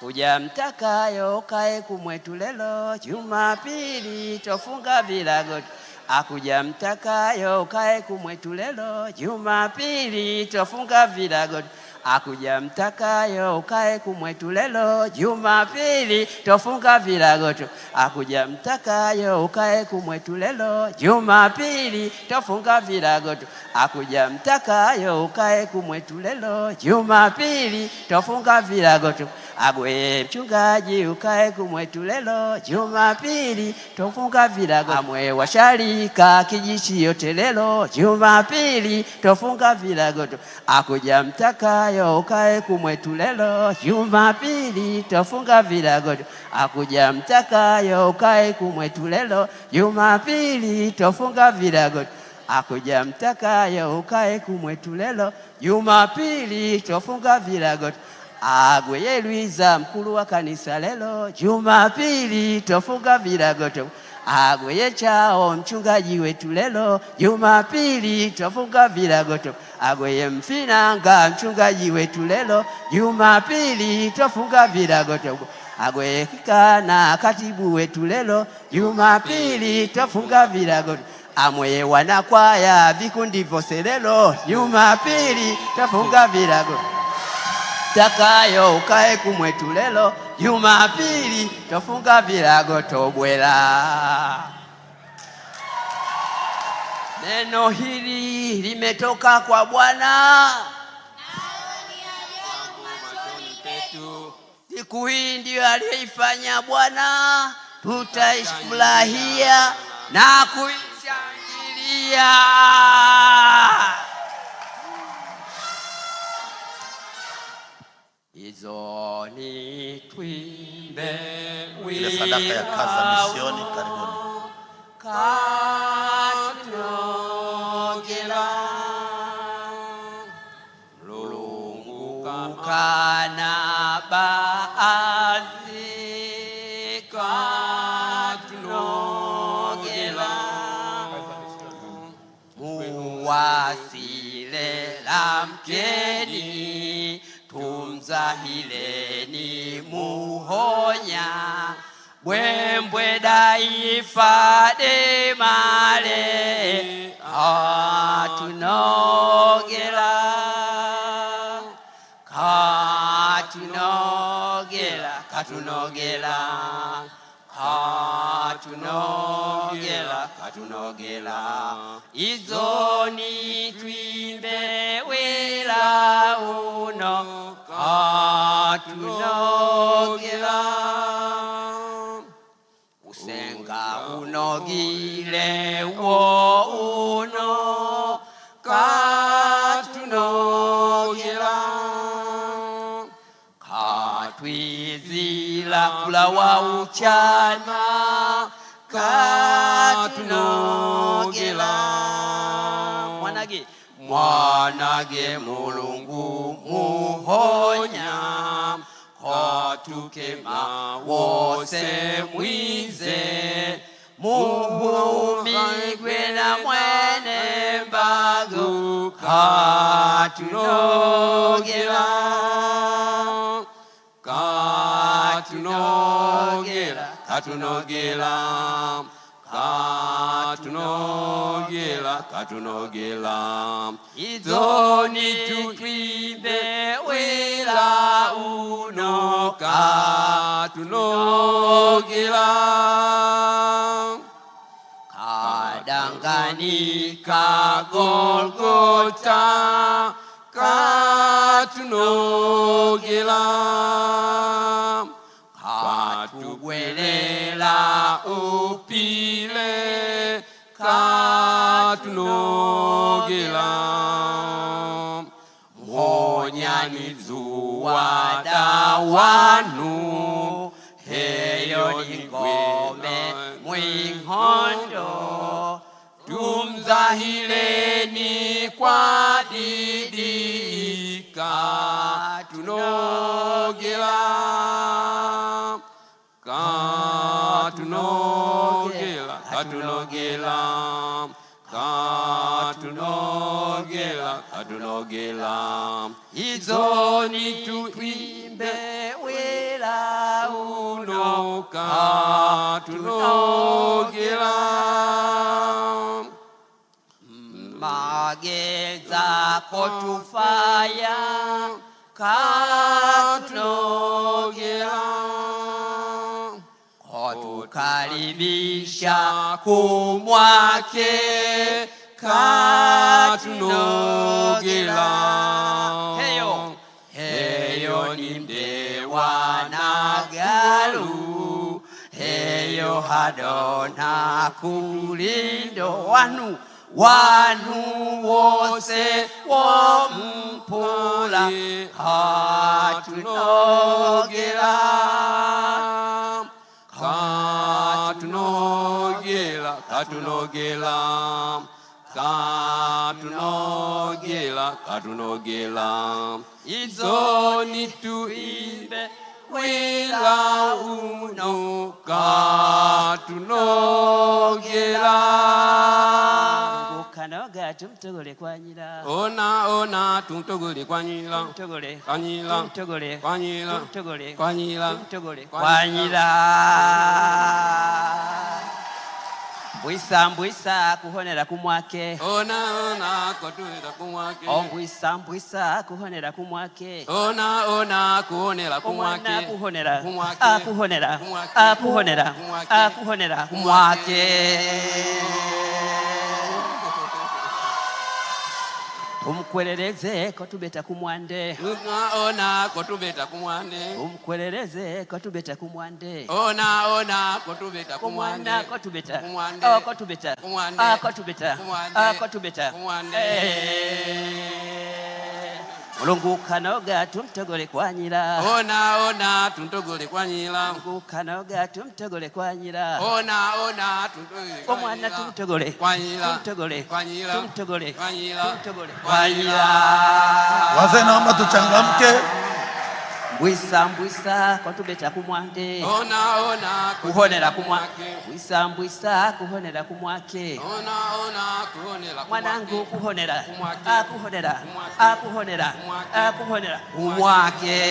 Hujamtaka hayo kae kumwetu lelo, Jumapili tofunga vilago. Akujamtaka yo kae kumwetu lelo, Jumapili tofunga vilago. Akujamtakayo kae kumwetu lelo, Jumapili tofunga vilago akuja Akujamtakayo kae kumwetu lelo, Jumapili tofunga vilago tu. Akujamtakayo kae kumwetu lelo, Jumapili tofunga vilago agwe mchungaji ukae kumwetu lelo Jumapili tofunga vilago amwe washarika kijishi yote lelo Jumapili tofunga vilago akuja mtakayo ukae kumwetu lelo Jumapili tofunga vilago akuja mtakayo ukae kumwetu lelo Jumapili tofunga vilago akuja mtakayo ukae kumwetu lelo Jumapili tofunga vilago agweye lwiza mkulu wa kanisa lelo Jumapili tofunga virago to agweye chao mchungaji wetu lelo Jumapili tofunga virago to agweye mfinanga mchungaji wetu lelo Jumapili tofunga virago to agweye kikana katibu wetu lelo Jumapili tofunga virago to amweye wanakwaya vikundi vyose lelo Jumapili tofunga virago takayo ukae kumwetu lelo Jumapili tofunga vilago tobwela. Neno hili limetoka kwa Bwana siku hii ndiyo aliyoifanya Bwana, tutaifurahia na kuishangilia. Mizoni tuimbe wimbo ile sadaka ya kaza misioni. Karibuni katuogela Lungu baazi katuogela muwasile la muzahileni muhonya bwembwe daifa demale katunogela katunogela katunogela atunogela atunogela izoni twibewela uno atunogela usenga unogile wo uno ghafla wa uchana katunogela mwanage mwanage mulungu muhonya katukema wose mwize na mwene mbagu katunogela katunogela katunogela katunogela katunogela izoni tukribe wela uno katunogela kadanganyika golgota katunogela wanu heyo ingome mwihondo tumzahileni kwa didika tunogela katunogela katunogela, katunogela. ogela aduna ogela izoni tuimbe wela unoka tunogela mageza kotufaya mm. katunogela kotukaribisha kumwake ka nogila heyo heyo hadona kulindo wanu wanu wose wompula hatunogila hatunogila hatunogila hatu katunogela katunogela izoni tuimbe wela uno katunogela kanoga tumtogole kwanyira ona ona tumtogole kwanyira tumtogole kwanyira tumtogole kwanyira tumtogole kwanyira tumtogole kwanyira mbwisa mbwisa kuhonera kumwake ona ona kotwera kumwake o mbwisa mbwisa kuhonera kumwake ona ona kuhonera kumwake ona kuhonera kumwake kumwake, a kuhonera kumwake. kuhonera a kuhonera kumwake Umkweleleze kotubeta kumwande ona kotubeta kumwande umkweleleze kotubeta kumwande ona ona kotubeta kumwande kotubeta kumwande oh, kotubeta kumwande ah, kotubeta kumwande ah, eh. Mulungu kanoga tumtogole kwa nyira. Ona ona tumtogole kwa nyira. Mulungu kanoga tumtogole kwa nyira. Ona ona tumtogole kwa mwana tumtogole kwa nyira. Tumtogole kwa nyira. Tumtogole kwa nyira. Tumtogole kwa nyira. Wazee naomba tuchangamke bwisambwisa kwatubeta kumwake kuhonela bwisambwisa kuhonela kumwake mwanangu kuhonela akuhonela akuhonela akuhonela kumwake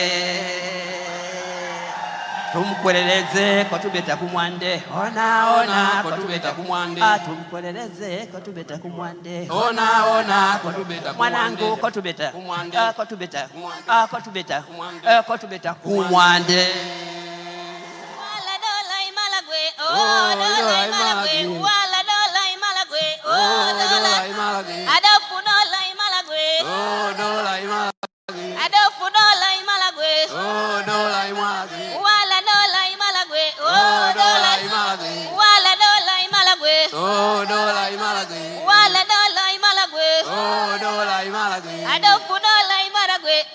Ah, tumkweleleze kotubeta kumwande ona ona kotubeta kumwande atumkweleleze kotubeta kumwande ona ona kumwande mwanangu kotubeta kumwande kotubeta ah, kotubeta kotubeta kumwande wala dola imalagwe oh dola imalagwe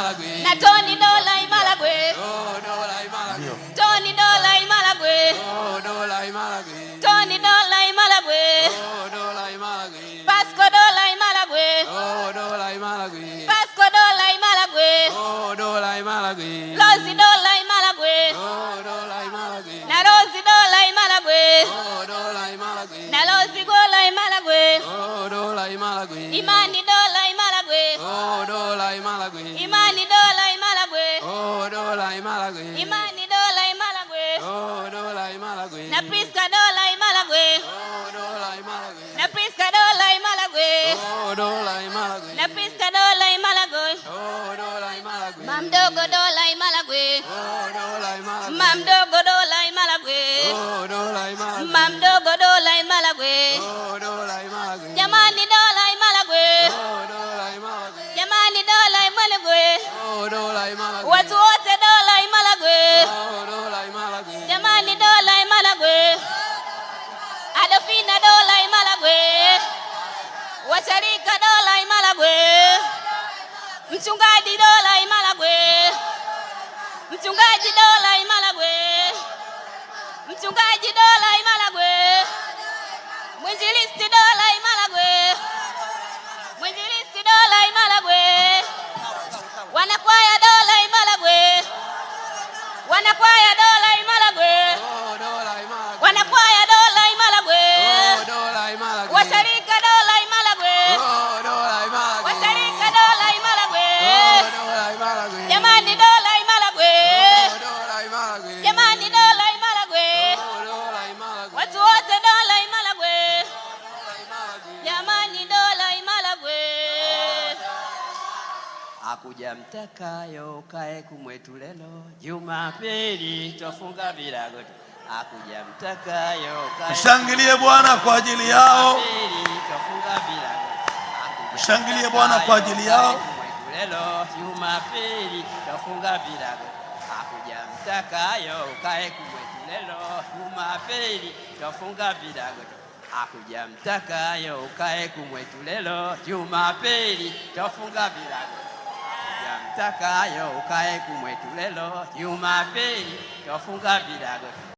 Imalagwe. Na Tony Dola Imalagwe. Oh, Dola Imalagwe. Tony Dola Imalagwe. Oh, Dola Imalagwe. Tony Dola Imalagwe. Oh, Dola Imalagwe. Pasco Dola Imalagwe. Oh, Dola Imalagwe. Pasco Dola Imalagwe. Oh, Dola Imalagwe. Lozi Dola Imalagwe. Oh, Dola Imalagwe. Oh, dolay malagwe. Lapis ka dolay malagwe. Oh, Mamdo malagwe. Mam dogo dolay malagwe. Oh, dolay malagwe. Mam dogo dolay malagwe. Oh, dolay malagwe. Mam dogo dolay malagwe. Oh, dolay malagwe. Jamani dolay malagwe. Oh, dolay malagwe. Jamani dolay malagwe. Oh, dolay malagwe. Watu wote dolay malagwe. Oh, dolay malagwe. Jamani Mchungaji Dola Imalagwe, mchungaji Dola Imalagwe, mchungaji Dola Imalagwe. Hakuja mtakayo kae kumwetu lelo, Jumapili twafunga virago. Hakuja mtakayo kae, shangilie Bwana kwa ajili yao, Shangilie Bwana kwa ajili yao, Jumapili twafunga virago. Hakuja mtakayo kae kumwetu lelo, Jumapili twafunga virago Hakuja mtakayo ukae kumwetu lelo, Jumapili twafunga virago. tutakayo ukae kumwetu lelo Jumapili twafunga vilago